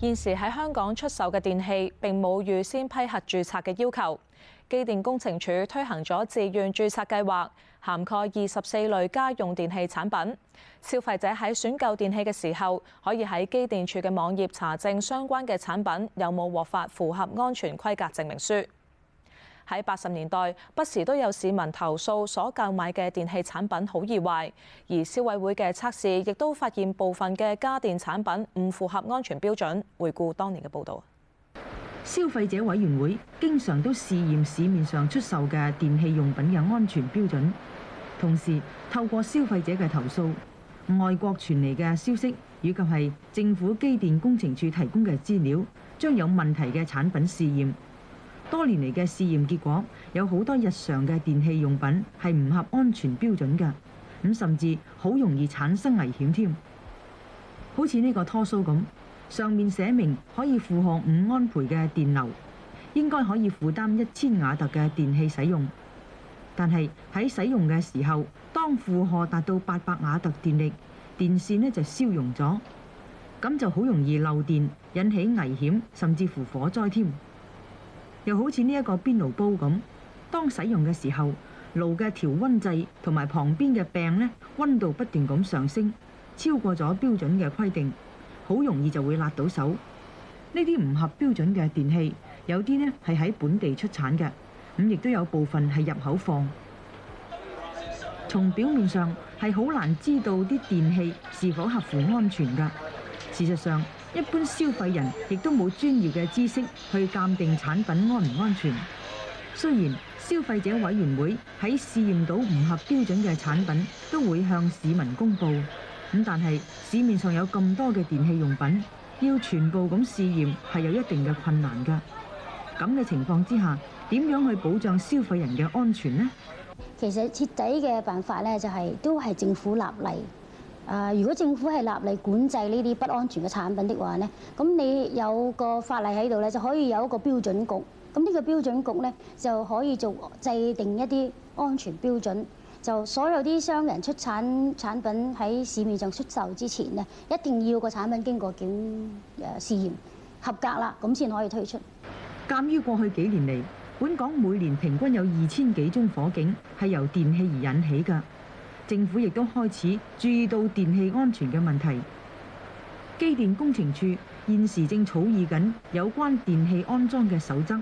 現時喺香港出售嘅電器並冇預先批核註冊嘅要求。機電工程署推行咗自願註冊計劃，涵蓋二十四類家用電器產品。消費者喺選購電器嘅時候，可以喺機電處嘅網頁查證相關嘅產品有冇獲發符合安全規格證明書。喺八十年代，不時都有市民投訴所購買嘅電器產品好易壞，而消委會嘅測試亦都發現部分嘅家電產品唔符合安全標準。回顧當年嘅報導，消費者委員會經常都試驗市面上出售嘅電器用品嘅安全標準，同時透過消費者嘅投訴、外國傳嚟嘅消息以及係政府機電工程處提供嘅資料，將有問題嘅產品試驗。多年嚟嘅試驗結果，有好多日常嘅電器用品係唔合安全標準嘅，咁甚至好容易產生危險添。好似呢個拖蘇咁，上面寫明可以負荷五安培嘅電流，應該可以負擔一千瓦特嘅電器使用。但係喺使用嘅時候，當負荷達到八百瓦特電力，電線呢就燒溶咗，咁就好容易漏電，引起危險，甚至乎火災添。又好似呢一個邊爐煲咁，當使用嘅時候，爐嘅調溫掣同埋旁邊嘅柄咧，溫度不斷咁上升，超過咗標準嘅規定，好容易就會辣到手。呢啲唔合標準嘅電器，有啲呢係喺本地出產嘅，咁亦都有部分係入口貨。從表面上係好難知道啲電器是否合乎安全噶，事實上。一般消費人亦都冇專業嘅知識去鑑定產品安唔安全。雖然消費者委員會喺試驗到唔合標準嘅產品，都會向市民公佈。咁但係市面上有咁多嘅電器用品，要全部咁試驗係有一定嘅困難㗎。咁嘅情況之下，點樣去保障消費人嘅安全呢？其實徹底嘅辦法咧，就係都係政府立例。啊！如果政府係立例管制呢啲不安全嘅產品的話咧，咁你有個法例喺度咧，就可以有一個標準局。咁呢個標準局咧，就可以做制定一啲安全標準，就所有啲商人出產產品喺市面上出售之前咧，一定要個產品經過檢誒試驗合格啦，咁先可以推出。鑑於過去幾年嚟，本港每年平均有二千幾宗火警係由電器而引起㗎。政府亦都開始注意到電器安全嘅問題。機電工程處現時正草擬緊有關電器安裝嘅守則，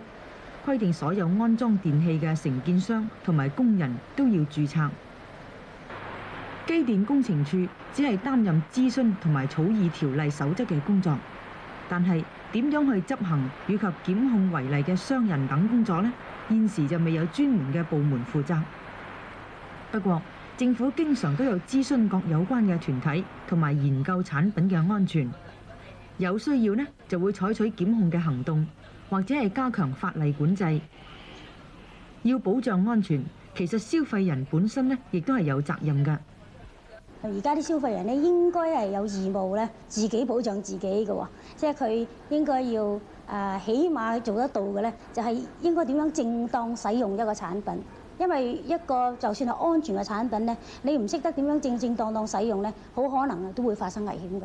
規定所有安裝電器嘅承建商同埋工人都要註冊。機電工程處只係擔任諮詢同埋草擬條例守則嘅工作，但係點樣去執行以及檢控違例嘅商人等工作呢？現時就未有專門嘅部門負責。不過，政府經常都有諮詢各有關嘅團體，同埋研究產品嘅安全。有需要呢，就會採取檢控嘅行動，或者係加強法例管制。要保障安全，其實消費人本身呢亦都係有責任㗎。而家啲消費人咧，應該係有義務咧，自己保障自己嘅喎。即係佢應該要誒，起碼做得到嘅咧，就係應該點樣正當使用一個產品。因為一個就算是安全嘅產品咧，你唔識得點樣正正當當使用咧，好可能都會發生危險嘅。